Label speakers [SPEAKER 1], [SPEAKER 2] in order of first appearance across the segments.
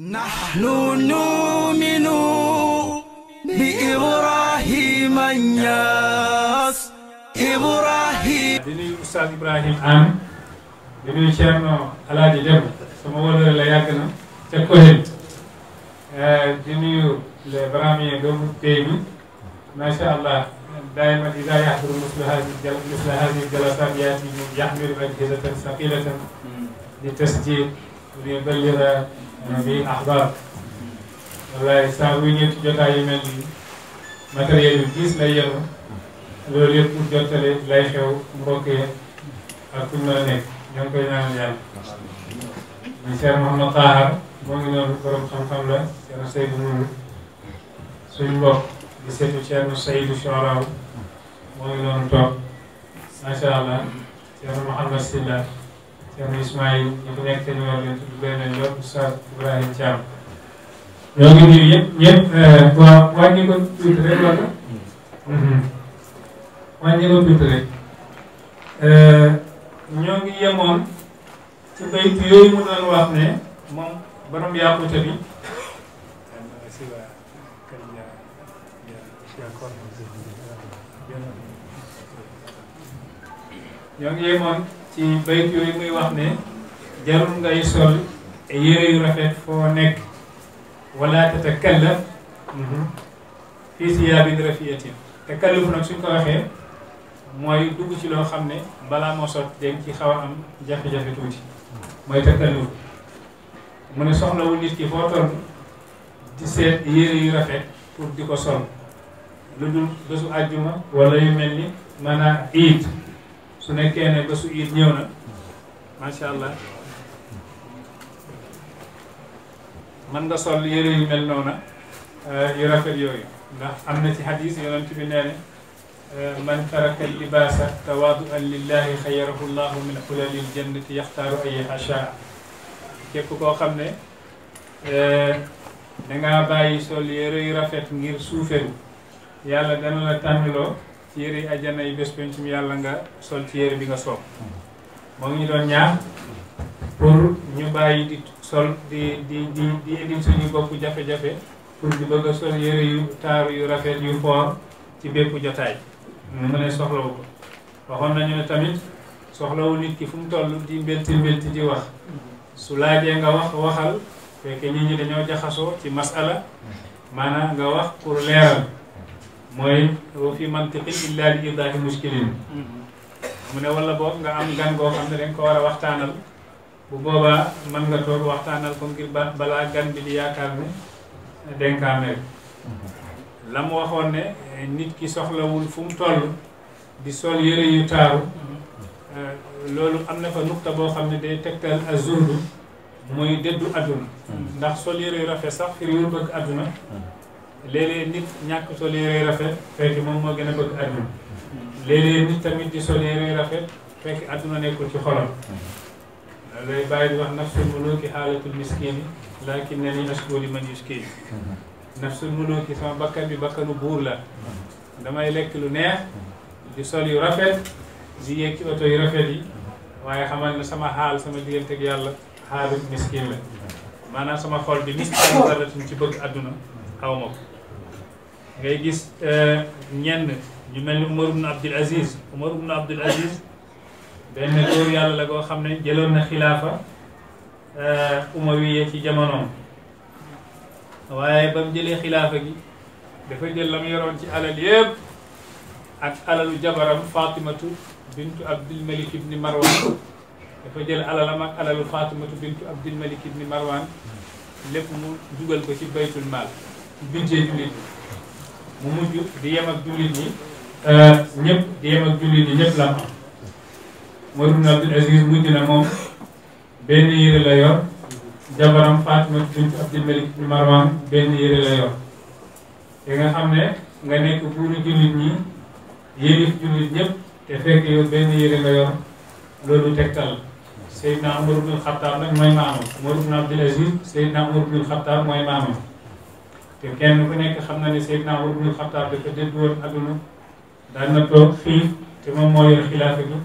[SPEAKER 1] نحن نؤمن بإبراهيم الناس إبراهيم ديني أستاذ إبراهيم آمين ديني شيرنا على جدب سما ولر لا يغنا تكوهن ديني آه، لبرامي دوم تيمي ما شاء الله دائما إذا يحضر مثل هذه مثل هذه الجلسات يأتي يحمل أجهزة ثقيلة لتسجيل ليبلغ bi axbaar wallaay saa buy ñëw ci jotaay yu mel nii matériel yu gis lay yenu loolu yëpp pour jottale lay xew mbokk yi ak ku mën a nekk ñoo ngi koy ñaanal yàlla ñu Cheikh Mouhamed Tahar moo ngi noonu borom xam-xam la Cheikh Seydou Nourou suñ mbokk di seetu Cheikh Seydou Soraw moo ngi noonu toog macha allah Cheikh Mouhamed Silla Cheikh Ismaïl ñi fi nekk te ñu war leen tudd benn yoon Oustaz Ibrahima Thiam ñoo ngi nuyu ñëpp ñëpp euh, waaw wàññi ko tuuti rek wala wàññi ko mhm. tuuti rek euh, ñoo ngi yemoon ci bayt yooyu mu ne moom borom yàqute bi ñoo ngi yemoon ci bayt yooyu muy wax ne jarul ngay sol yére yu rafet foo nekk wala tatakallaf mhm. fii siyaabin rafiyatin takalluf nag suñ ko mooy dugg ci loo xam ne balaa moo sot dem ci xaw a am jafe-jafe tuuti mooy takalluf mu ne soxlawul nit ki foo toll di seet yére yu rafet pour di ko sol lu dul bésu àjjuma wala yu mel ni maanaam iid su nekkee ne ba su iid ñëw na macha allah mën nga sol yére yu mel noona yu rafet yooyu ndax am na ci hadis yonent bi nee ne man taraka al libaasa tawaaduan lillahi xayarahu llahu min xulalil jannati yaxtaaru ayyaha shaa képp koo xam ne dangaa bàyyi sol yére yu rafet ngir suufeeru yàlla dana la tànniloo tiere aljana yi bes pencum yalla nga sol tiere bi nga sop mo ngi don pour ñu bayyi di sol di di di di di suñu bokku jafé jafé pour di bëgg sol yére yu taaru yu rafet yu foor ci bépp jotaay mu ne soxlawu ko waxon nañu ne tamit wu nit ki fu mu tollu di mbelti mbelti di wax su laaje nga wax waxal fekk ñi ñi dañoo jaxaso ci masala mana nga wax pour leral mooy wa fi mantiqin illaa li idaahi muskilin mu ne wala boog nga am gan goo xam ne dañ ko war a waxtaanal bu boobaa man nga toog waxtaanal ko ngir ba balaa gan bi di yaakaar ne dénkaane la mu waxoon ne nit ki soxlawul fu mu toll di sol yëre yu taaru euh, loolu am na fa nukta boo xam ne day tegtal azurdu muy dëddu adduna ndax sol yëre yu rafet sax firiwul bëgg adduna léeg-léeg nit ñàkk sol yére rafet fekk moom moo gën a bëgg àdduna léeg nit tamit di sol yére rafet fekk àdduna nekkul ci xolam lay bàyyi di wax nafsul muluki xaalatul miskini laakin ne ni askuuli man yuskini nafsul muluki sama bakkan bi bakkanu buur la damay lekk lu neex di sol yu rafet di yéeg ci oto yu rafet yi waaye xamal na sama xaal sama diggante ak yàlla xaalu miskin la maanaam sama xol bi miskin dara ci bëgg àdduna aw ko رئيس نين نملي عمر بن عبد العزيز عمر بن عبد العزيز بين دور يالا لا كو خامني جيلون خلافه امويه في زمانهم واي بام جيلي خلافه دي دا فا جيل لام يورون سي علال ييب اك علال جبرم فاطمه بنت عبد الملك بن مروان دا فا جيل علالم اك علال فاطمه بنت عبد الملك بن مروان لب مو دوجال كو سي بيت المال بنت جيلي mu mujj di yem ak jullit ñi ñëpp di yem ak jullit ñi ñëpp la am Umar ibn Abdul Aziz mujj na moom benn yére la yor jabaram Fatima bint Abdul Malik ibn Marwan benn yére la yor te nga xam ne nga nekk buuru jullit ñi yëlif jullit ñëpp te fekk yow benn yére la yor loolu tegtal Seydina Umar ibn Xattaab nag mooy maamam Umar ibn Abdul Aziz Seydina Umar ibn Xattaab mooy maamam te kenn ku nekk xam na ne Seydina Umar ibnul Xattaab dafa dëddu woon adduna daan na toog fii te moom moo yor xilaafa bi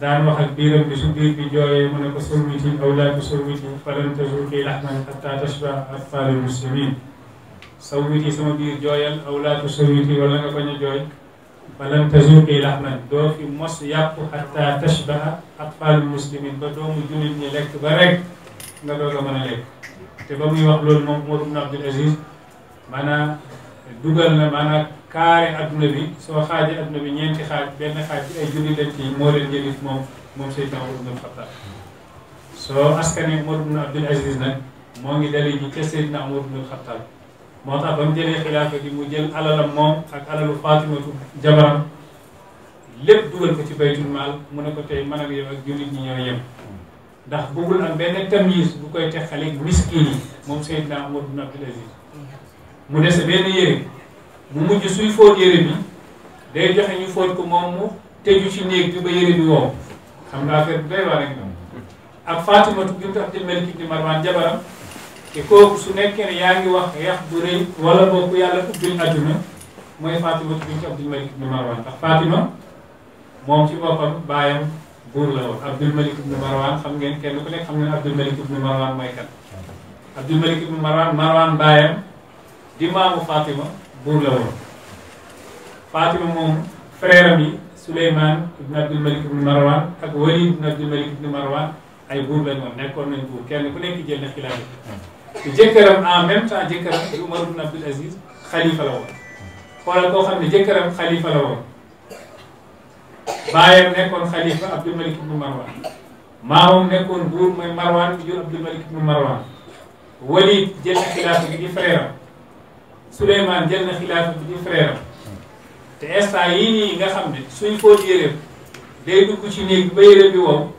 [SPEAKER 1] daan wax ak biiram bi su biir bi jooyee mu ne ko surwiti aw laa ko surwiti falan tazuuqi laxman xatta tashba atfaalul muslimin sawwiti sama biir jooyal aw laa ko surwiti wala nga bañ a jooy falan tazuuqi laxman doo fi mos yàpp xatta tashba atfaalul muslimin ba doomu jullit ñi lekk ba rek nga doog a mën a lekk te ba muy wax loolu moom Umar ibn Abdul Aziz maanaam dugal na maanaam kaare adduna bi soo xaajee adduna bi ñeenti xaaj benn xaaj ci ay julli lañ ci moo moom moom Seydina Umar ibn Xattaab soo askane Aziz nag moo ngi dale ji ca Seydina Umar ibn Xattaab moo tax ba mu jëlee xilaafa moom ak alalu Faatimatu jabaram lépp dugal ci baytul mu ne ko tey man ak yow ak jullit ñi ñoo yem ndax bëggul am bu koy Aziz
[SPEAKER 2] mu dese benn yére
[SPEAKER 1] mu mujj suy fóot yére bi day joxe ñu fóot ko moom mu teju ci néeg bi ba yére bi wow xam nga affaire bi day waar ak ñoom ak Fatimatu bintu Abdul Malik jabaram te kooku su nekkee ne yaa ngi wax yax bu rëy wala bokk yàlla ubbil àdduna mooy Fatimatu bintu Abdul Malik di Marwan ndax Fatima moom ci boppam baayam buur la woon Abdul Malik ibn xam ngeen kenn ku nekk xam ngeen Abdul Malik ibn Marwan mooy di maamu Fatima buur la woon Fatima moom frère am yi Souleymane ibn Abdul Malik ibn Marwan ak Walid ibn Abdul Malik ibn Marwan ay buur lañ woon nekkoon nañ buur kenn ku nekk jël na xilaafa te jëkkëram en même temps jëkkëram di Umar ibn Abdul Aziz xalifa la woon xoolal koo xam ne jëkkëram xalifa la woon baayam nekkoon xalifa Abdul Malik ibn Marwan maamam nekkoon buur mooy Marwan yu Abdul Malik ibn Marwan Walid jël na xilaafa gi di frère am Souleymane jël na xilaafa bi di frère am te instant yii nii nga xam ne suñ fóot yére day dugg ci néeg bi ba yére bi wow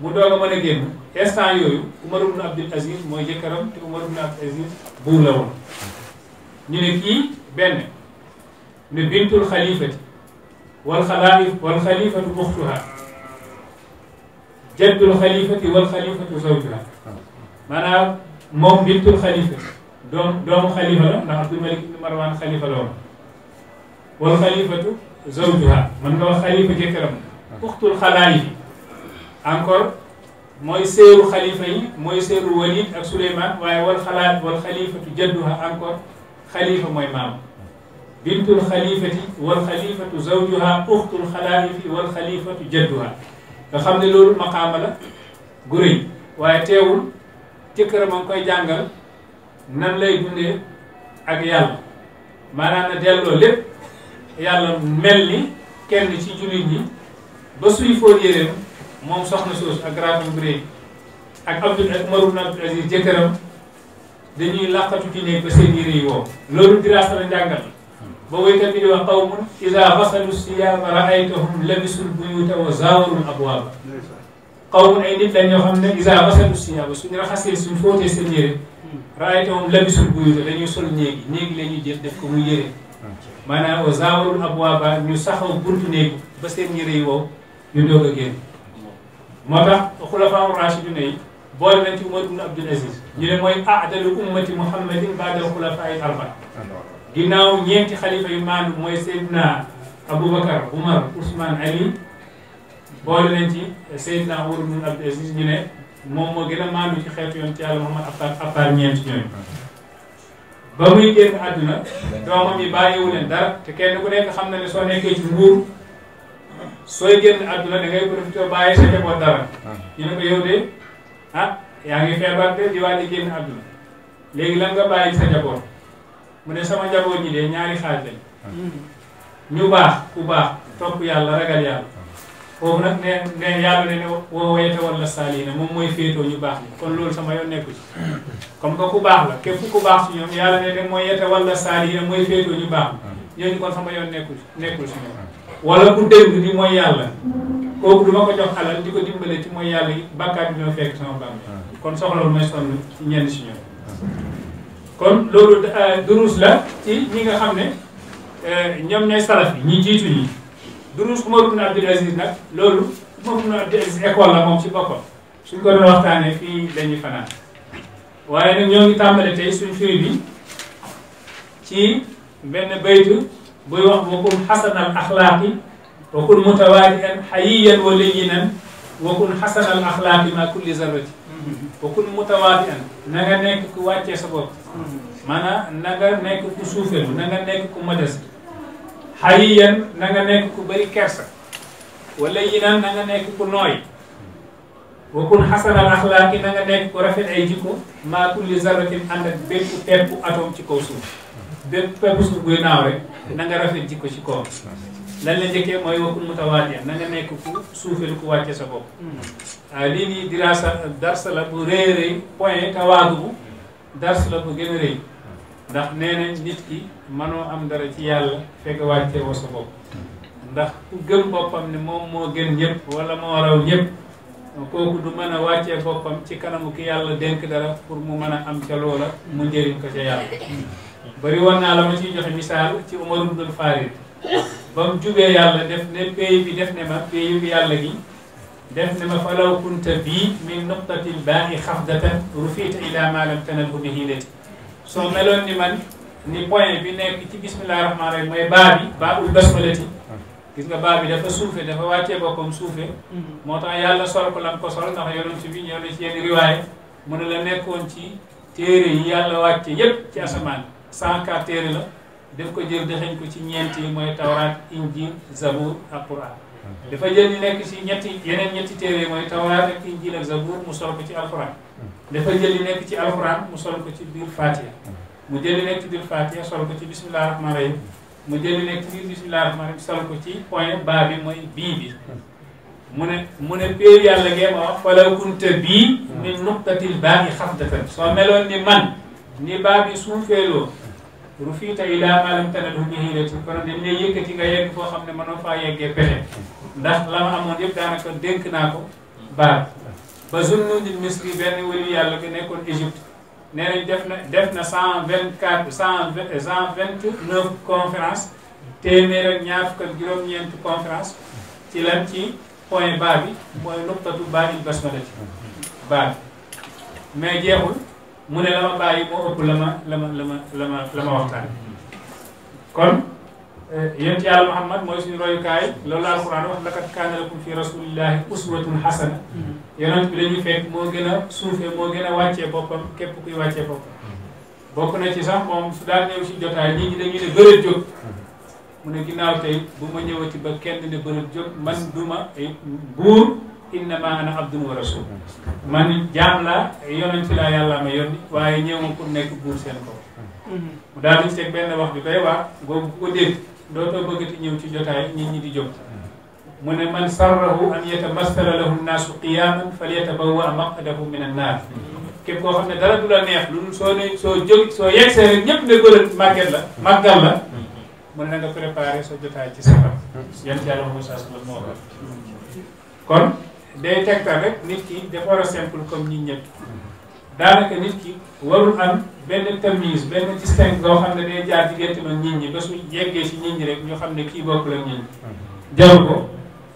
[SPEAKER 1] mu doog a mën a génn instant yooyu Umar ibn Abdul Aziz mooy jëkkëram te Umar ibn Abdul Aziz buur la woon ñu ne kii benn ne bintul xalifati wal xalaif wal xalifatu muxtuha jaddul xalifati wal xalifatu zawjuha maanaam moom bintul xalifati دوم خليفة لهم نعم، نحن عبد الملك بن مروان خليفة لهم والخليفة زوجها من هو خليفة كرم أخت الخلائف أنكر موي سير خليفة موي سير سليمان والخليفة جدها أنكر خليفة موي بنت الخليفة والخليفة زوجها أخت الخلائف والخليفة جدها فخمد لول مقام لك قري تكرم أنكو جانجل nan lay dundee ak yàlla maanaam na delloo lépp yàlla mel ni kenn ci jullit ñi ba suy fóot yéreem moom soxna soos ak rajo Bré ak Abdul ak Umar ibn Abdul Aziz jëkkëram dañuy làqatu ci ba seen yére yi woo loolu diraasa la njàngal ba waykat bi di wax qawmun ida fasalu siyaama raaytahum labisul buyuta wa zaawarul abwaaba qawmun ay nit la ñoo xam ne ida fasalu siyaama raxasee suñ fóotee seen yére رأيتهم لبسوا البيوت لن يصلوا نيجي نيجي لن يجد دفكم يجري ما أنا وزاور أبوابا نيسخو برد نيجو بس تنيري وو يدوغ جيم ما تا الخلفاء الراشدين أي بول من تي عمر بن عبد العزيز يلي ماي أعدل أمة محمد بعد الخلفاء الأربعة جناو نيتي خليفة يمان موي سيدنا أبو بكر عمر عثمان علي بول من تي سيدنا عمر بن عبد العزيز جنة moom moo gën a maandu ci xeetu yoon ci yàlla Muhammad ab par ñeent ñooñu ba muy génn àdduna doomam yi bàyyiwu leen dara te kenn ku nekk xam na ne soo nekkee ci nguur sooy génn àdduna da ngay profité bàyyi sa njaboot dara ñu ne ko yow de ah yaa ngi feebar de di waaj a génn àdduna léegi lan nga bàyyi sa njaboot mu ne sama njaboot ñi de ñaari xaaj lañ hmm. ñu baax ku baax topp yàlla ragal yàlla foofu nag nee nee yàlla ne ne woo woyate wala saali na moom mooy féetoo ñu baax ñi kon loolu sama yoon nekku ci comme que ku baax la képp ku baax ci ñoom yàlla ne ne mooy yete wala saali mooy féetoo ñu baax ñi ñooñu kon sama yoon nekku nekkul si ñoom wala ku dégg di mooy yàlla kooku du ma ko jox alal di ko dimbale ci mooy yàlla yi bàkkaat bi ñoo fekk sama baax kon soxlawul may sonn ci ñenn ci ñoom kon loolu euh, duruus la ci ñi nga xam ne euh, ñoom ñooy salaf durus Umar ibn Abdul Aziz nag loolu Umar ibn Abdul Aziz école la moom ci boppam suñ ko doon waxtaanee fii la ñuy fanaan waaye nag ñoo ngi tàmbale tey suñ firi bi benn baytu buy wax wa kun xasanal axlaaqi wa kun mutawaadian xayiyan wa layinan wa kun xasanal axlaaqi ma kulli zarrati mm-hmm. wa kun mutawaadian na nga nekk ku wàccee sa bopp mm-hmm. maanaam nekk ku suufelu na nga nekk ku modeste hayyan na nga nekk ku bëri kersa wala yinan na nga nekk ku nooy wa kun xasanal axlaaqi na nga nekk ku rafet ay jikko maa kulli a ànd ak bépp pepp atom ci kaw suuf bépp pepp suuf buy naaw rek na nga jikko ci kaw lan la njëkkee mooy wa kun mutawaatiyan na nga nekk ku suufel ku wàcce sa bopp waaw ah, lii nii diraasa dars la bu rëy rëy point tawaagu bu dars la bu gën a rëy ndax nee na nit ki mënoo am dara ci yàlla fekk wàccee woo sa bopp ndax ku gëm boppam ne moom moo gën ñëpp wala moo raw ñëpp kooku du mën a wàcce boppam ci kanamu ki yàlla denk dara pour mu mën a am ca loola mu njëriñ ko ca yàlla bari naa la ma ciy joxe misaal ci Umar ibnul Farid ba mu jubee yàlla def ne pays bi def ne ma pays bi yàlla gi def ne ma falaw kunta bii min nuqtatil baaxi xafdatan rufiita ila ma lam tanalhu bihi soo meloon ni man ni point bi nekk ci bismillahi rahmaani rahim mooy baa bi baa ul basmalati gis nga baa bi dafa suufe dafa wàccee boppam suufe mm-hmm. moo tax yàlla sol ko lam ko sol ndax yonent bi ñëw na ci yenn riwaaye mu ne la nekkoon ci téere yi yàlla wàcce yépp ci asamaan cent quatre téere la def ko jël dexeñ ko ci ñeent yi mooy tawraat injil zabur ak quran dafa jël li nekk ci ñetti yeneen ñetti téere mooy tawraat ak injiil ak zabuur mu sol ko ci alxuraan dafa jël li nekk ci alxuraan mu sol ko ci biir faatiha mu jël li nekk ci sol ci bismillah rahmaan mu jël li nekk ci biir bismillah rahmaan rahim sol ko ci point baa bi mooy bii bi mu ne mu ne péer yàlla ngeen ma wax falaw kunta bii min nuqtatil baa ngi xafdatan soo meloon ni man ni baa bi suufeeloo rufita ila ma lam tanadhu bihi la kon dem ne yekati ga yegg fo xamne mano fa yegge yeggee pele ndax la ma amone yeb danaka denk nako ba ba zunnu Zunnundil Misri ben wëli yalla ke nekkon egypte nee def na def na 124 129 conférence téeméer ak ñaar fuk ak juroom ñent conférence ci lan ci point ba bi mooy nuqtatu baanil basmala ci ba mais jeexul mu ne la ma bàyyi moo ëpp la ma la ma la ma la ma la ma waxtaan kon eh, yonent yàlla Muhammad mooy suñu royukaay loolu la alquran wax laqad kaana lakum fi rasulillahi uswatun hasana mm-hmm. yonent bi dañuy fekk moo gën a suufee moo gën a wàccee boppam képp kuy wàccee boppam mm-hmm. bokk na ci sax moom su daan ñëw si jotaay nit ñi dañuy ne bërët jóg mm-hmm. mu ne ginnaaw tey bu ma ñëwati ba kenn ne bërët jóg man duma eh, buur innama ana abdun wa rasul man jaam laa yonent laa yàlla ma yónni waaye ñëw ma pour nekk buur seen kaw mu daal di seeg benn wax bi bay wax boobu ko dégg dootoo ñëw ci jotaay nit ñi di jóg mu ne man sarrahu an yatamassala lahu nnaasu qiyaaman falyatabawwa maqadahu min annaar képp koo xam ne dara du la neex lu soo ne soo jóg soo yegsee rek ñëpp ne la màggal la mu ne na nga préparé soo jotaay ci safar yan ci yàlla Muusaa sallam moo kon day tegtal rek nit ki dafa war a simple comme ñi ñëpp daanaka nit ki warul am benn tamise benn distingue goo xam ne day jaar diggante man nit ñi ba su yeggee si nit ñi rek ñoo xam ne kii bokkul la nit ñi ko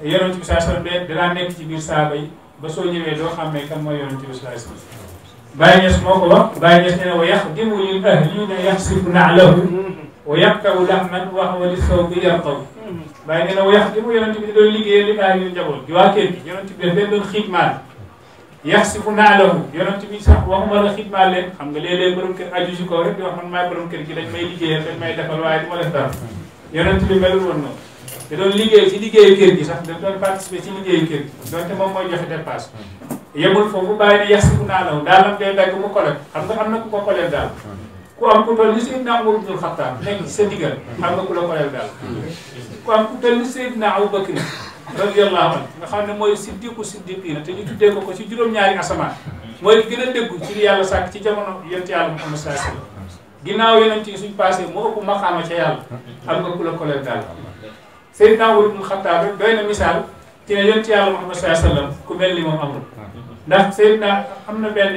[SPEAKER 1] yonent bi saa sallam de danaa ci biir saaba yi ba soo ñëwee doo xam ne kan mooy yonent bi saa sallam bàyyi moo ko wax bàyyi ñes nee na wa yaxdimu lil ahlina yaxsibu naalahu wa yabtawu lahman wax wa li sawbi yartaw bàyyi nee na yaxdimu yonent bi di doon liggéeyal li bàyyi ñun njaboot gi waa kër gi yonent bi daf leen doon xidmaal yax si fu naalahu yonent bi sax waxuma la xidmaal leen xam nga léeg-léeg borom kër aju si kaw rek di wax man maay borom kër gi dañ may liggéeyal dañ may defal waaye du ma def dara yonent bi melul woon noonu da doon liggéey si liggéeyu kër gi sax da doon participer si liggéeyu kër gi donte moom mooy joxe dépasse yemul foofu bàyyi ne yax si fu naalahu daalam day dagg mu kolet xam nga am na ku ko kolet daal ku am ku toll ni Seydina Omar ibn Khattab nekk sa diggal xam nga ku la ko def daal ku am ku toll ni Seydina Abu Bakr radiyallahu anhu nga xam ne mooy siddiqu siddiqina te ñu tuddee ko ko ci juróom-ñaari asamaan mooy gën a déggu ci yàlla sàkk ci jamono yent yàlla Muhammad sallallahu alayhi ginnaaw yonent yi suñ passé moo ëpp maqaama ca yàlla xam nga ku la ko daal Seydina Omar ibn Khattab rek ku mel ni moom amul ndax Seydina am na benn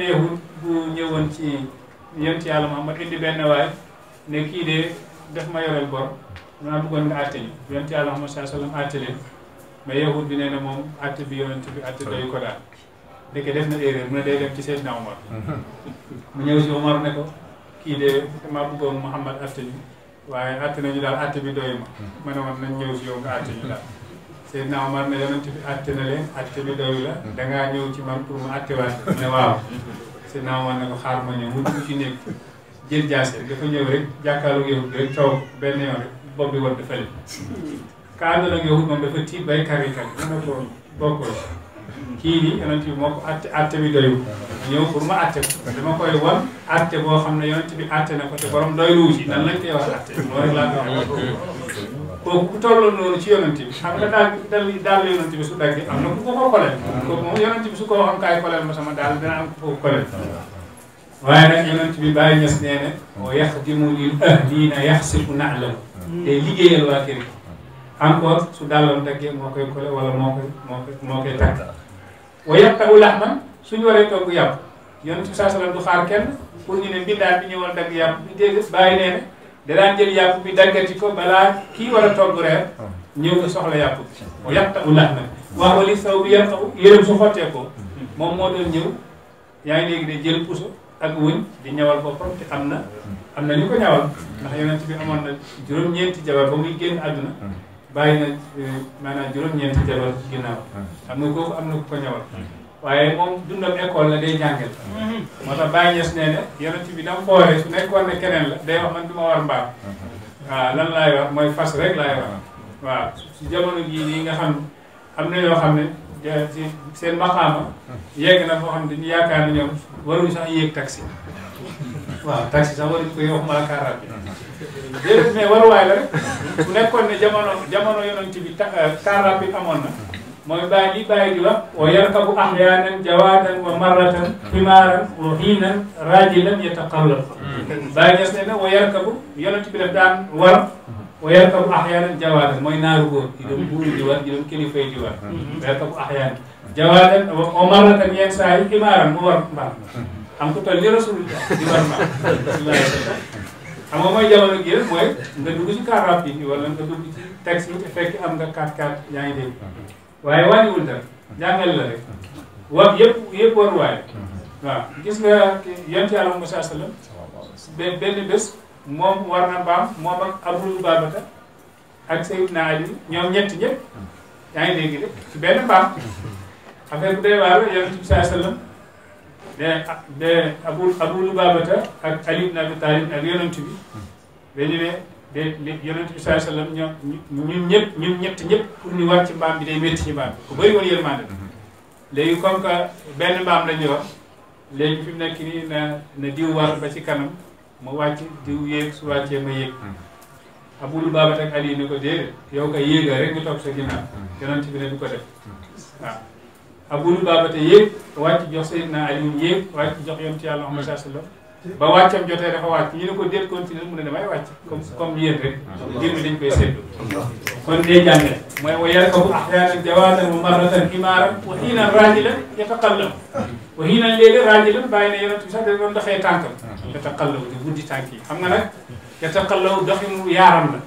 [SPEAKER 1] yéen ci yàlla Muhammad indi benn waay ne kii de def ma yoreel bor dama bëggoon nga àtte ñu yéen ci yàlla Muhammad saa sallam àtte leen mais yahud bi nee na moom àtte bi yonent bi àtte doy ko daal def na erreur mu ne ci Seydina Omar mu ñëw si Omar ne ko kii de dama bëggoon Muhammad àtte ñu waaye àtte nañu daal àtte bi doy ma ma ne woon nañ ñëw si yow nga àtte ñu daal Seydina Omar ne yonent leen àtte bi doyu la dangaa ñëw ci man pour mu àttewaat ne waaw sëñ Naama ne ko xaar ma ñëw mu dugg ci néeg jël jaase dafa ñëw rek jàkkaarloog yow rek benn yoon rek bopp bi war di fële. kaanu la yow moom dafa tiit bay kari kari dina ko bokkoo kii nii yonent bi moo ko àtte àtte bi doyul ñëw pour ma àtte ko dama koy wan àtte boo xam ne yonent bi àtte na ko te borom doyul wu nan lañ koy wax àtte loolu rek laa ko kooku ku tolloon loolu ci yonent bi xam nga daal dal daal bi su daggee am na ku ko ko koleel moom yonent bi su ko waxoon kaay koleel ma sama daal dana am ko koleel waaye nag yonent bi bàyyi ñes nee ne o yaxdimu lil ahliina yaxsibu su dàllam daggee moo koy kole wala moo koy moo koy moo koy tàgg wa yaqta'u lahman suñu waree togg yàpp yonent saa salaam du xaar kenn pour ñu ne mbindaat bi ñëwoon dagg yàpp bi déedéet bàyyi nee danaan jël yàpp bi daggati ko balaa kii war a togg reer ah. ñëw soxla yàpp bi yàqta u lax na waaw wali saw bi yàqta u yërëm su xottee ko moom moo doon ñëw yaa ngi léegi de jël puso ak wuñ di ñawal boppam te am na am na ñu ko ñawal ndax yonent bi amoon na juróom-ñeenti jabar ba muy génn àdduna ah. bàyyi na eh, maanaam juróom-ñeenti jabar ginnaaw ah. xam nga kooku am na ku ko ñawal waaye moom dundam école la day jàngal. Mhm. moo tax Baye Niass nee na yonent bi dama ko waxee su nekkoon ne keneen la day wax man du ma war mbaam. waaw lan laay wax mooy fas rek laay wax. waaw si jamono jii nii nga xam am na yoo xam ne seen maxaama yegg na foo xam ne dañu yaakaar ne ñoom waruñu sax yéeg taxi. waaw taxi sax waruñu ko yéex mala kaar rabi. déedéet mais waruwaay la rek bu nekkoon ne jamono jamono yonent bi ta kaar rabi amoon na. membagi baiklah wajar kamu ahyanan jawatan wamaratan kimaran ruhinan rajilan ya takalur hmm. baiknya sebenarnya wajar kamu dia nanti berdan war wajar kamu ahyanan jawatan mau naruh hidup hmm. bulu jawat hidup kini fe jawat hmm. wajar kamu ahyan jawatan wamaratan yang sahih kimaran war war aku tuh lihat rasulullah di mana Amo mai jalan lagi ya, boy. Nggak dulu sih karat ini, walaupun nggak dulu sih teks itu efek am nggak nyai kat yang ini. waaye wàññiwul tam jàngal la rek war yëpp yëpp war waaye waaw gis nga yan ci yàlla Musaa sallam benn bés moom war na mbaam moom ak Abu Babacar ak Seydina Ali ñoom ñetti ñëpp yaa ngi dégg de ci benn mbaam affaire bu dee waar yonent bi saa sallam de de Abu Abu Babacar ak Ali ibn Abi Talib ak yonent bi dañu ne de li yonent bi sallallahu alayhi wasallam ñun ñëpp ñun ñett ñëpp pour ñu war ci mbaam bi day métti ci mbaam bi ku bëri woon yërmande léegi comme que benn mbaam lañuy wax léegi fi mu nekk nii na na diw war ba ci kanam ma wàcc diw yéeg su wàccee ma yéeg abulu baabat ak ali ni ko déedéet yow ko yéega rek ñu topp sa ginnaaw yonent bi ne du ko def waaw abulu baabate yéeg wàcc jox sayyidina ali yéeg wàcc jox yonent yàlla Muhammad sallallahu alayhi wasallam ba wàccam jotee dafa wàcc ñu ne ko déet continuer mu ne damay wàcc comme comme yéen rek mbir mi dañ koy séddu kon day jànge mooy wa yarkabu ahyaanan jawaadan wa marratan himaaran wa hiinan raajilan yataqallabu wa hiinan léegi raajilan bàyyi na yonent bi sax da doon doxee tànkam yataqallabu di buddi tànk yi xam nga nag yataqallabu doxinu yaaram la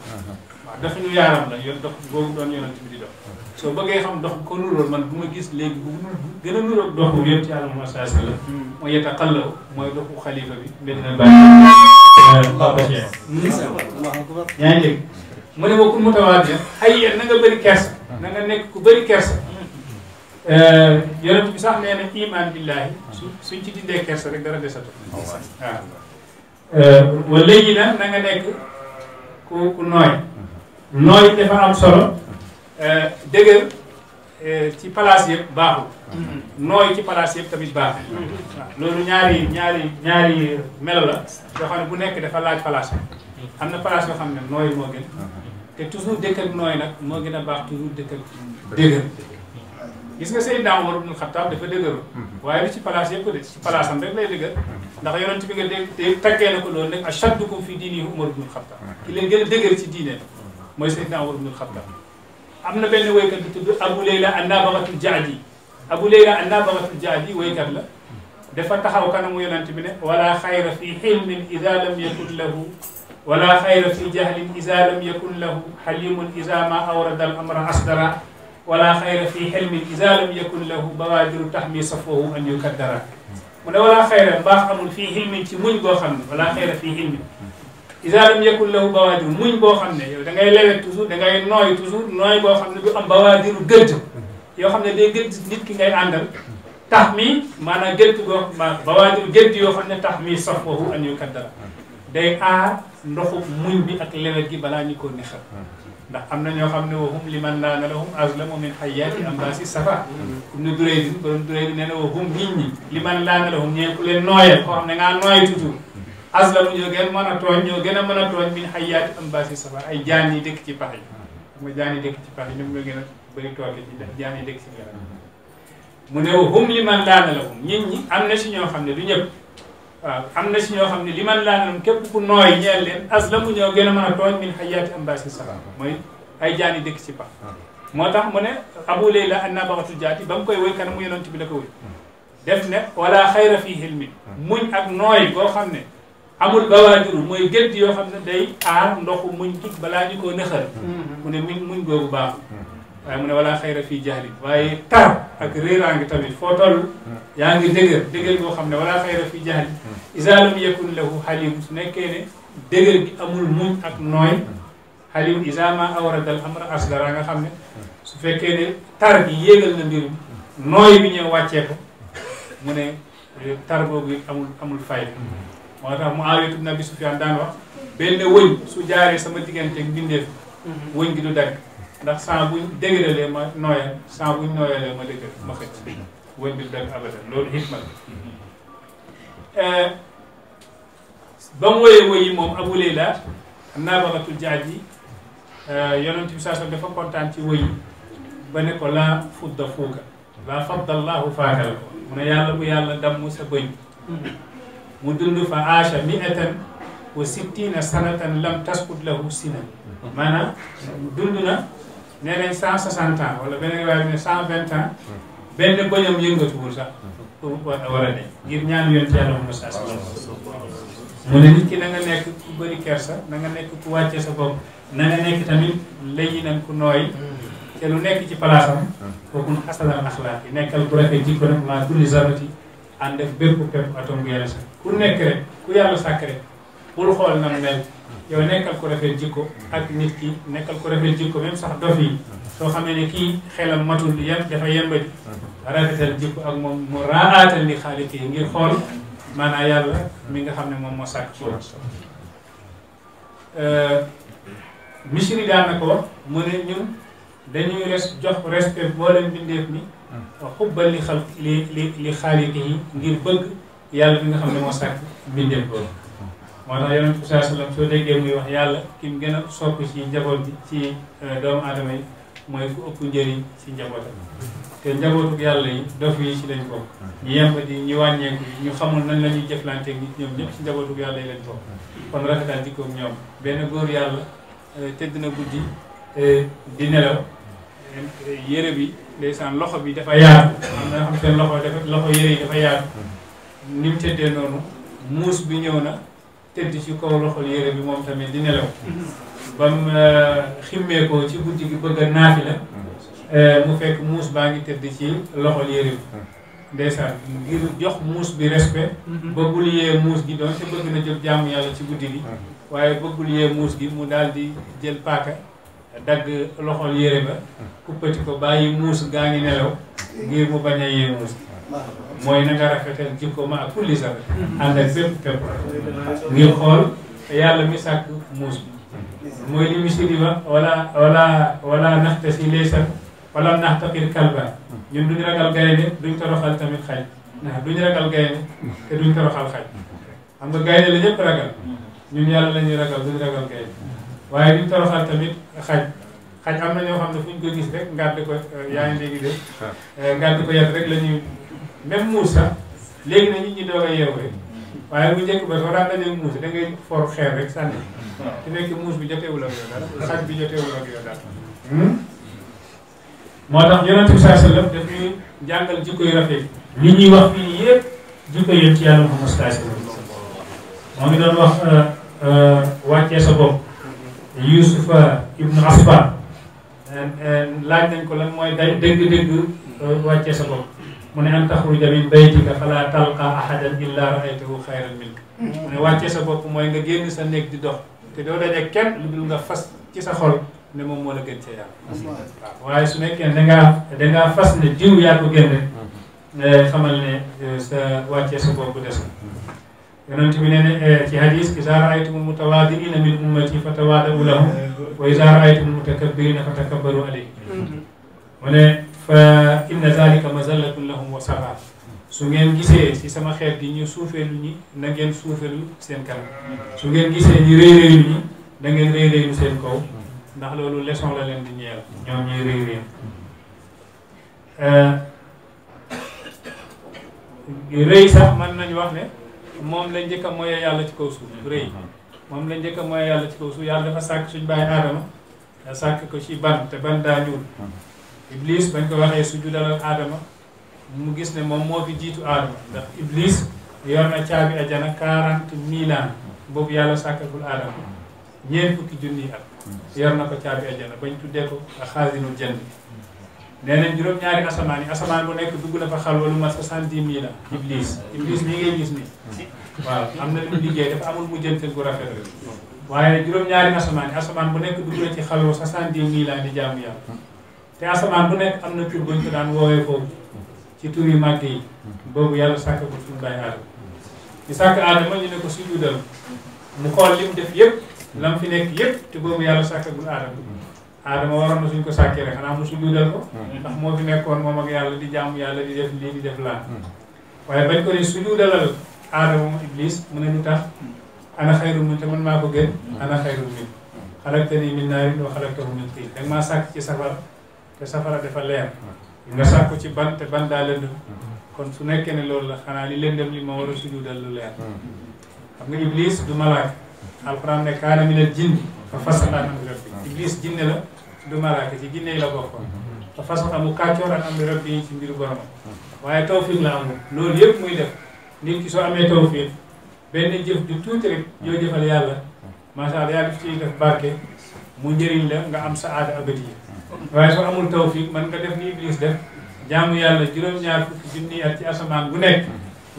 [SPEAKER 1] waaw doxinu yaaram la yoon dox boobu doon yonent bi di dox soo bëggee xam dox ko nuróol man bu ma gis léegi bu gën a nuróol dox bu yonent yàlla Muhammad sallallahu alayhi wa sallam mooy yetta xallaw mooy doxu xalifa bi Medina Baye Papa Cheikh yaa ngi dégg mu ne bokkul mu tawaat bi ay yéen na nga bëri kersa na nga nekk ku bëri kersa euh, yonent bi sax nee na iman billahi su suñ ci dindee kersa rek dara desatu waaw euh, wala léegi na na nga nekk ku ku nooy mhm. nooy dafa am solo Euh, dëgër euh, ci palaas yëpp baaxul mhm. nooy ci palaas yëpp tamit baaxul mhm. loolu ñaari ñaari ñaari melo la yoo xam ne bu nekk dafa laaj palaas mhm. am na palaas yoo xam ne nooy moo gën te toujours dëkk ak nooy nag moo gën a baax toujours dëkk ak dëgër gis nga Seydina Omar ibn Khattab dafa dëgëru waaye du ci palaas yëpp de ci palaasam rek lay dëgër ndax yonent bi nga dégg taggee na ko loolu nag ashaddukum fi diinihi Omar ibn Khattab ki leen gën a dëgër ci diine mooy Seydina Omar ibn Khattab am na benn woykat bu tudd Abu Layla Annabaratul Jaadi Abu Layla Annabaratul Jaadi woykat la dafa taxaw kanamu yonent bi ne wala xayra fi xilmin ida lam yakun lahu wala xayra fi jahlin ida lam yakun lahu xalimun ida ma awrada al amra asdara wala xayra fi xilmin ida lam yakun lahu bawaadiru taxmi safahu an yukaddara mu ne wala xayra mbaax amul fii xilmin ci muñ goo xam ne wala xayra fii xilmin إذا لم يكن له بوادر مين بو خامني يو داغي ليو توجور داغي نوي توجور نوي بو خامني بو ام بوادر گلت يو خامني دي گلت نيت كي غاي اندال تحمي مانا گلت بو ما بوادر گلت يو خامني تحمي صفوه ان يكدر داي ا نوخو مين بي اك ليو كي بلا ني كو امنا ньо خامني وهم لمن نان لهم ازلم من حيات امباسي سفا ابن دريد بن وهم مين لمن لان لهم ني نوي خامني نوي توجور aslamu ñoo ñoo gën a mën a tooñ min xayaati ambaasi yi dëkk ci pax yi xam ci pax yi ñoom ñoo gën a bëri tool yi mu ne hum li man laana ñi am na si ñoo xam ne du ñëpp waaw am na si ñoo xam ne li man laana la képp ku nooy ñeel leen aslamu a a tooñ min xayaati ambaasi safar mooy ay jaan yi dëkk ci pax moo tax mu ne abu layla an nabaxatu jaati ba mu koy woy kanam mu yonent bi la ko woy def ne wala xayra fii hilmi muñ ak nooy boo xam ne amul bawaajur mooy gént yoo xam ne day aar ndoxu muñ tut balaa ñu koo nëxal mm-hmm. mu ne muñ muñ googu mm-hmm. mu ne walaa xayra fii jahli waaye tar ak réeraangi tamit foo toll mm-hmm. yaa ngi dëgër dëgër goo xam ne walaa xayra fii jahli izaa lam yakun lahu xalim su nekkee ne dëgër gi amul muñ ak nooy xalim izaa ma awrada al amra nga xam ne su fekkee ne tar gi yéegal na mbirum nooy bi ñëw wàccee ko mu ne tar boobu it amul amul fay moo tax Muawiya ibn Abi Sufyaan daan wax benn wëñ su jaaree sama diggante mbindeef mhm. wëñ gi du dagg ndax saa buñ dégëralee ma nooyal saa buñ nooyalee ma dëgg ma fekk wëñ bi du dagg abadan loolu xikma la euh, ba mu woyee woy yi moom Abu Layla naabaratul jaaj yi euh, yonent bi saa dafa kontaan ci woy yi ba ne ko laa fudda fuuka laa fadda allahu ko mu ne yàlla bu yàlla damm sa bëñ mhm. mu dund fa aasha miatan wa sittina sanatan lam taskut lahu sina maanaam dund na nee nañ cent soixante ans wala beneen waaye ne cent vingt ans benn bëñam yëngatuwul sax pour war a ngir ñaan yoon ci yàlla mu sa mu ne nit ki na nga nekk ku bëri kersa na nga nekk ku wàcce sa bopp na nga nekk tamit léegi nañ ku nooy te lu nekk ci palaasam kooku xasalal axlaaq yi nekkal bu rafet jikko nag maa kulli zarati ànd ak bépp pepp atom bu yàlla sax ku nekk rek ku yàlla sàkk rek bul xool nam mel yow nekkal ko rafet jikko ak nit ki nekkal ko rafet jikko même sax dof yi soo xamee ne kii xelam matul yem dafa yembati rafetal jikko ak moom mu raaatal ni xaalit yi ngir xool maanaa yàlla mi nga xam ne moom moo sàkk ci yow euh, misiri daan na ko mu ne ñun dañuy res jox respect boo leen bindeef ni wa xubban li xal li li li xaaliqihi ngir bëgg yàlla bi nga xam ne moo sàkk mbindeef boobu moo tax yonent bi saa sallam soo déggee muy wax yàlla ki mu gën a sopp ci njaboot bi ci euh, doomu aadama yi mooy ku ëpp njëriñ ci njabootam te njabootu yàlla yi dof yi ñu yemb ñu wàññeeku yi la ñuy jëflanteeg nit ñoom ñëpp ci kon rafetal jikkoom ñoom benn góor yàlla euh, tëdd na guddi euh, di nelaw yére bi ndeysaan loxo bi dafa yaatu am na xam seen loxo dafa loxo yére yi dafa yaatu hmm. ni tëddee noonu muus bi ñëw na tëdd ci kaw loxol yére bi moom tamit di nelaw hmm. ba mu uh, ximmee ko ci guddi gi bëgg a naafi la hmm. uh, mu fekk muus baa ngi tëdd ci loxol yére bi ndeysaan ngir jox muus bi respect bëggul yee muus gi doon te bëgg na jóg jaamu yàlla ci guddi gi waaye bëggul yee muus gi mu daal di jël paaka dagg loxol yére ba kuppati ko bàyyi muus gaa ngi nelaw ngir mu bañ a yee muus mooy na a rafetal jikko ma ak kulli sax ànd ak bépp pepp ngir xool yàlla mi sàkk muus bi mooy li misiri ba wala wala wala naxta si lay sax wala naxtaqir kalba ñun duñu ragal gaynde duñ toroxal tamit xaj ndax duñu ragal gaynde te duñ toroxal xaj xam nga gaynde la ñëpp ragal ñun la ñuy ragal duñu ragal waaye li mu toroxal tamit xaj xaj am na ñoo xam ne fu ñu ko gis rek ngàdd ko euh, yaa léegi de euh, ngàdd ko yat rek la ñuy même muus sax léegi na nit ñi doog a yeewu rek waaye bu njëkk ba soo daan dajeeg muus da ngay xeer rek sànni te nekk muus bi jotewul ak yow dara xaj bi jotewul ak yow dara hmm? moo tax yonent bi saa sallam daf ñuy jàngal jikko yu rafet li ñuy wax fii yëpp jikko yëpp ci yàlla Muhammad sallallahu alayhi wa sallam moo ngi doon wax euh, wàccee sa bopp Yusufa euh, ibnu Asba euh, euh, laaj nañ ko lan mooy day dëgg-dëgg wàccee sa bopp mu ne an taxruja min baytika fala talqa ahadan illa raaytahu xayran minka mu ne wàccee sa bopp mooy nga génn sa néeg di dox te doo dajee kenn lu dul nga fas ci sa xol ne moom moo la gën ca yàlla waaw waaye su nekkee dangaa dangaa fas ne jiw yaa ko génne xamal ne sa wàccee sa bopp des na ينمت من في حديث إذا رأيتم المتواضعين من أمتي فتواضعوا له وإذا رأيتم المتكبرين فتكبروا عليه فإن ذلك مزلة لهم وسرى سوغين غيسي سي سما خير دي ني سوفل ني نغين سوفل سين كان سوغين غيسي ني ري ري ني نغين ري ري سين كو ناخ لولو ليسون لا لين دي نيال نيوم ني ري ري ا ري صاح من نيو واخ moom la njëkk mooy yàlla ci kaw suuf rëy moom la njëkk a moye yàlla ci kaw suuf yàlla dafa sàkk suñ bàyyi aadama da sàkk ko ci ban te ban daa ñuul iblis bañ ko waxee suju dalal aadama mu gis ne moom moo fi jiitu aadama ndax iblis yor na caabi ajana quarante mille boobu yàlla sàkkagul aadama ñeent fukki junniy at yor na ko caabi ajana bañ tuddee ko xaasinul jënd nee nañ ñaari asamaan yi bu nek dugg na fa xalwa lu mat soixante-dix iblis iblis mii ngay gis ni waaw amna lu mu dafa amul mu mujjantal gu rafet rek waye juróom ñaari asamaan yi bu nek dugg ci xal soixante-dix mille di jamm ya te asamaan bu nek amna ci buñ ko daan wowe foofu ci tur yu bobu yalla sakku yàlla sàkk ko suñu bàyyi aadama di sàkk aadama ñu ne ko ci sujudal mu xol lim def yépp lam fi nek yépp te boobu yàlla sàkkagul aadama aadama waroon na suñ ko sàkkee rek xanaa mu sujudal ko hmm. ndax moo fi nekkoon moom ak di jàmm yàlla di def lii di def laa hmm. waaye bañ ko iblis mu ne lu tax hmm. ana xayru min te man gën ana xayru min xalaqtani min naarin wa xalaqtahu min tiin da nga maa ci safara te safara dafa leer nga ci ban te ban kon su nekkee ne loolu la xanaa li lëndëm li ma lu leer xam nga iblis du malaak alquran ne kaana min al jinn fa rabbi iblis jinne la du malaaka ci jinne yi la boppam te façon amu kàccoor ak am rab yi ci mbiru boromam waaye tawfiq la amul loolu yëpp muy def nit ki soo amee tawfiq benn jëf du tuuti rek yoo jëfal yàlla macha allah yàlla daf ciy def barke mu njëriñ la nga am sa aada abadi waaye soo amul tawfiq man nga def ni iblis def jaamu yàlla juróom-ñaar fukki junni ci asamaan bu nekk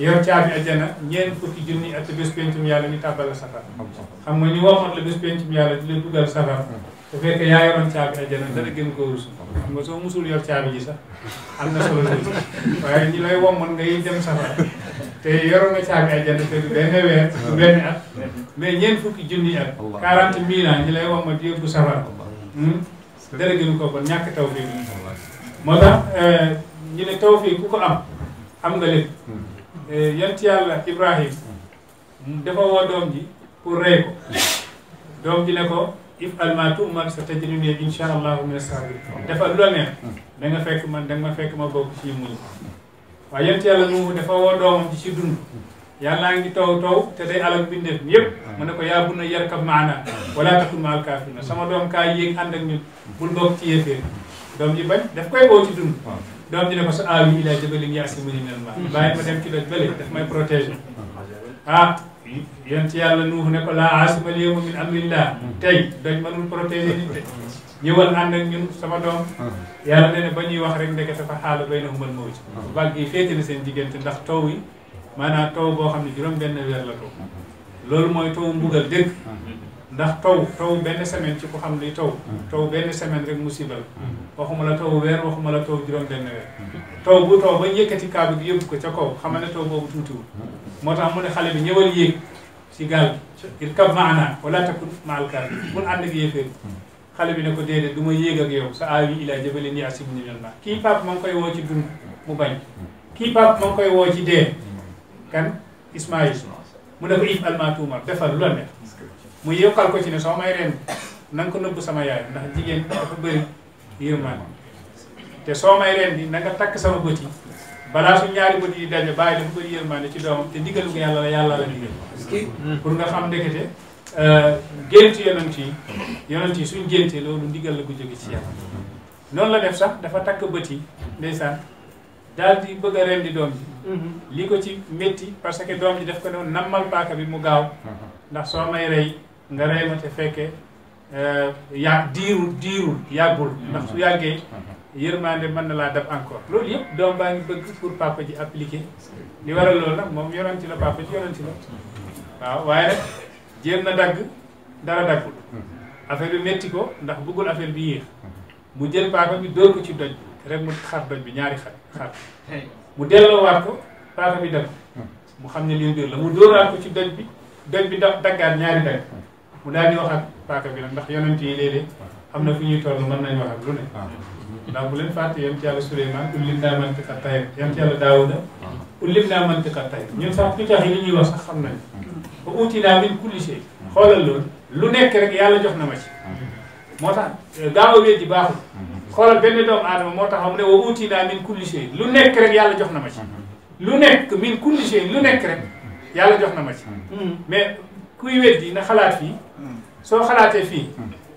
[SPEAKER 1] yor caabi ajjana ñeent fukki junni at bés pencum yàlla ñu tàbbal la xam nga ñu waxoon la bés pencum yàlla di la dugal safar su fekkee yaa yoroon caabi ajjana dana gën koo rus xam nga soo musul yor caabi ji sax am na solo loolu waaye ñi lay wommoon ngay dem safar te yoroon nga caabi ajjana te du benn weer du benn at mais ñeent fukki junni at quarante mille ans ñi lay wommoon di yóbbu safar hmm? dara gën ko bon ñàkk taw bi moo tax euh, ñu ne taw fii ku ko am am nga lépp Eh, yent yàlla Ibrahim mm. dafa woo doom ji pour rey ko doom ji ne ko if'al maa tu'mar satajidunii inshaa Allahu mina saabiriin dafa lu la neex mm. da fekk man da ma fekk ma bokk ci muñ waaye yent yàlla Nuuhu dafa woo doomam ji ci dund yàllaa ngi taw taw te day alal bindeef mi yëpp mu ne ko yaa bu na yarkab maana wala takun ma'al kaafiriin sama doom kaa yéeg ànd ak ñun bul bokk ci yéeféer doom ji bañ daf koy woo ci dund doom ji ne ko sa aawi ilaa jabalin yaasimunii minal maa mm-hmm. bàyyi ma dem ci doj bële daf may protéger ah yonent yàlla nuux ne ko laa aasima al yawma min amrillah mm-hmm. tey doj mënul protéger nit de ñëwal ànd ñun sama doom mm-hmm. yàlla ne ne ba ñuy wax rek ndeke dafa xaala baynahumal ci vague yi féete na seen diggante ndax taw yi maanaam taw boo xam ne juróom benn weer la taw loolu mooy taw mbugal dëgg ndax taw taw benn semaine ci ko xam ni taw mm. taw benn semaine rek musiba la mm. waxuma la taw weer waxuma la taw juróom benn weer taw bu taw ba yëkkati kaabu gi yóbbu ko ca kaw xamal ne taw boobu tuutiwul mm. moo tax mu ne xale bi ñëwal yéeg ci gaal gi irkab maana wala takun maal kaal bul ànd ak yéeféer xale bi ne ko déedéet du ma yéeg ak yow sa aawi ilaa jabalin ya'simunii minal maa kii paap ma koy woo ci dund mu bañ kii paap ma koy woo ci dee kan Ismaïl mu ne ko if almaa tuumar defal mu yokkal ko ci ne soo may reen na ko nëbb sama yaay ndax jigéen dafa bëri yërmande te soo may reen bi na nga takk sama bët yi balaa su ñaari bët yi daje bàyyi dafa bëri yërmande ci doomam te diggalu ko yàlla la yàlla la hmm. pour nga xam ndekete euh, gént yonent yi yonent yi suñ génte loolu ndigal ko jóge ci yàlla noonu la def sax dafa takk bët yi ndeysaan daal di bëgg a reen di doom ji hmm. li ko ci métti parce que doom ji daf ko ne nammal paaka bi mu gaaw hmm. ndax soo may rey nga rey ma te fekke eh, yàgg diirul diirul yàggul ndax su yàggee yërmande mën na laa def encore loolu yëpp doom baa ngi bëgg pour papa ji appliquer li waral loolu nag moom yonanti la papa ji yonanti la waaw waaye nag jéem na dagg dara daggul affaire bi métti ko ndax bëggul affaire bi yéex mu jël paaka bi dóor ko ci doj bi rek mu xar doj bi ñaari xar xar mu delloowaat ko paaka bi dagg mu xam ne lii dóor la mu dóoraat ko ci doj bi doj bi daggaat ñaari dagg mu daal di wax bi nag ndax yonent yi léeg-léeg am na fu ñuy toll mën nañ wax ak lu ne ah. ndax bu leen fàtte yam ci yàlla Suleymaan ullim naa mantiqa tayr yam ci yàlla Daawuda ah. ullim naa mantiqa tayr ñun sax piccax yi li ñuy wax sax xam nañ ba hmm. uuti naa min kulli shay xoolal loolu lu nekk rek yàlla jox na ma ci hmm. moo tax gaaw euh, a weddi baaxul hmm. xoolal benn doomu aadama moo tax mu ne wa uuti naa min kulli lu nekk rek yàlla jox na ma ci lu nekk min kulli shay lu nekk rek yàlla jox na ma ci mais kuy weddi na xalaat fii soo xalaatee fii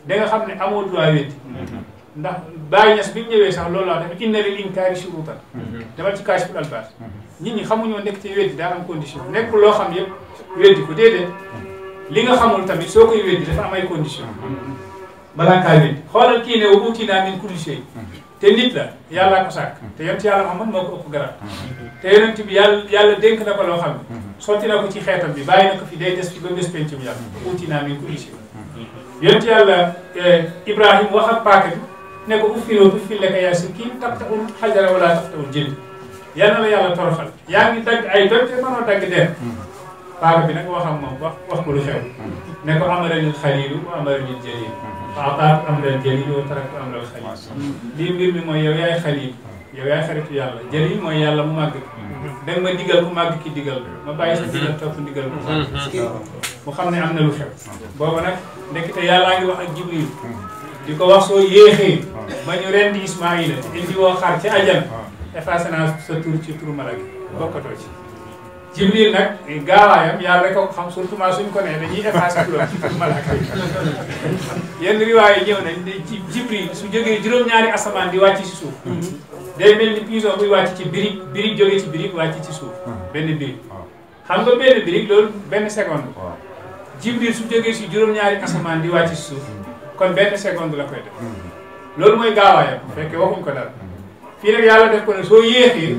[SPEAKER 1] danga xam ne amoo droit weddi ndax Baye bi ñu ñëwee sax loolu la dafa inna li liñ kaari shurutan dama ci kaashiful albaas nit ñi xamuñoo nekk ci daa am condition nekk loo xam yëpp weddi ko déedéet li nga xamul tamit soo koy weddi dafa am ay condition mm-hmm. balaa ngaa weddi xoolal kii ne wa uutinaa min kulli shay te nit la yàllaa ko sàkk mm-hmm. te yonent yàlla Muhammad moo ko ëpp garab mm-hmm. te yonent bi yàlla yàlla dénk na ko loo xam ne mm-hmm. sotti na ko ci xeetam bi bàyyi na ko fi day des fi ba bés pencum yàlla uuti naa min kulli shay yonent yàlla eh, Ibrahima wax paaka bi ne ko uffiloo fi laka yaa sikiin taqta'ul xajara wala taqta'ul jënd yal na la yàlla toroxal yaa ngi dagg ay doj te mënoo dagg der paaka bi nag wax moom wax wax ko lu xew ne ko xaliilu wa amarani ataak am la jadi loo taraka am la xalil lii mbir mi mooy yow yaay xalil yow yaay xaritu yàlla jëli mooy yàlla mu màgg danga ma digal ku màgg ki digal ma sa digal ku mm-hmm. mm-hmm. mu am na lu xew booba nag ndekete yàllaa ngi wax ak jibril mm-hmm. di wax soo yéexee ba ñu rendi ismaila indi woo xar ci sa ci malak ci jibril nag gaawaayam yàlla rek ko xam surtout maa suñ ko a yen effacé turam ci tur malaaka yi yenn riwaay yi nañ ci jibril su jógee juróom-ñaari asamaan di wàcc ci suuf day mel ni piison buy wàcc ci birig birig jógee ci birig wàcc ci suuf benn birig xam nga benn birig loolu benn seconde jibril su jógee si juróom-ñaari asamaan di wàcc ci suuf hmm. kon benn seconde la koy def hmm. loolu mooy gaawaayam fekkee waxuñ ko daal fii nag yàlla def ko ne soo yéexee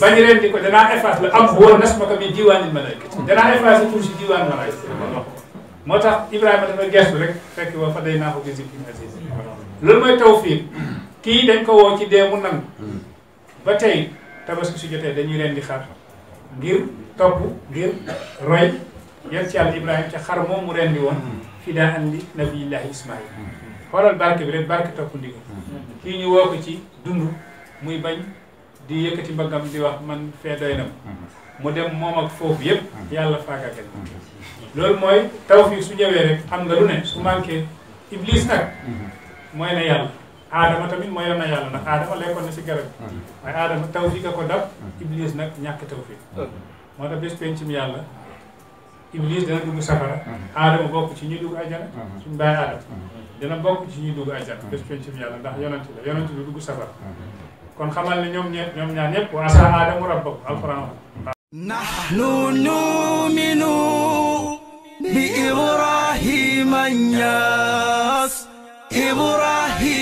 [SPEAKER 1] bañ leen di ko danaa efface la am boo nas ma ko bi diwaanil malaayka danaa efface tur si diwaan malaayka moo tax Ibrahima dafa gestu rek fekk wa fa day naa ko bi zikrin aziz loolu mooy tawfiq kii dañ ko woo ci dee mu nangu ba tey tabaski su dañuy leen di xar ngir topp ngir roy yan ci yàlla Ibrahima ca xar moom mu rendi woon fidaa an li nabiyillahi Ismaïl xoolal barke bi rek barke topp ndigal kii mm-hmm. ñu woo ko ci dund muy bañ di yëkkati mbaggam di wax man fee doy na mm-hmm. mu dem moom ak foofu yëpp mm-hmm. yàlla faagaagal loolu mooy taw su ñëwee rek am nga lu ne su manqué iblis nag mooy na yàlla aadama tamit mooy na yàlla ndax aadama lekkoon na si waaye aadama taw fii ko dab iblis nag ñàkk taw fii moo tax bés pencim yàlla iblis dana dugg safara aadama bokk ci ñu dugg ajana suñu bàyyi aadama dina bok ci ñi dugg ajjana bés pencum yalla ndax yonent la yonent du dugg safar kon xamal ni ñom ñom ñoom ñaar ñëpp wa asa aadamu rabbahu alquran nahnu numinu bi ibrahima yas ibrahim